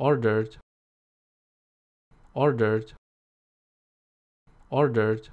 ordered ordered ordered